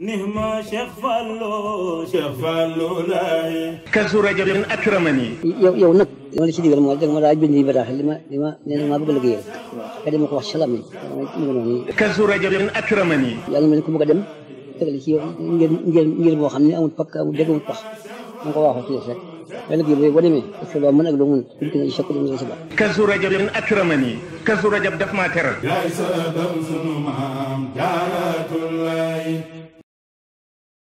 نهما شيخ فالو شيخ فالو لاي كسر رجب اكرمني يو نك yow li ci digal mooy danga ma daa bind bataaxal li ma li ma nee na maa bëgg a liggéeyal ka dem ko wax salam yi mi nga noonu kazu rajabin akramani yàlla mel ku bëgg a dem tegal ci yow ngir ngir ngir boo xam ne amul pakk amul dégg amul pax danga ko waaxoo ci def rek ba liggéey boobu boo demee parce que loo mën ak loo mën duñ ko ne chakk duñ si ba kazu rajabin akramani kazu rajab daf maa teral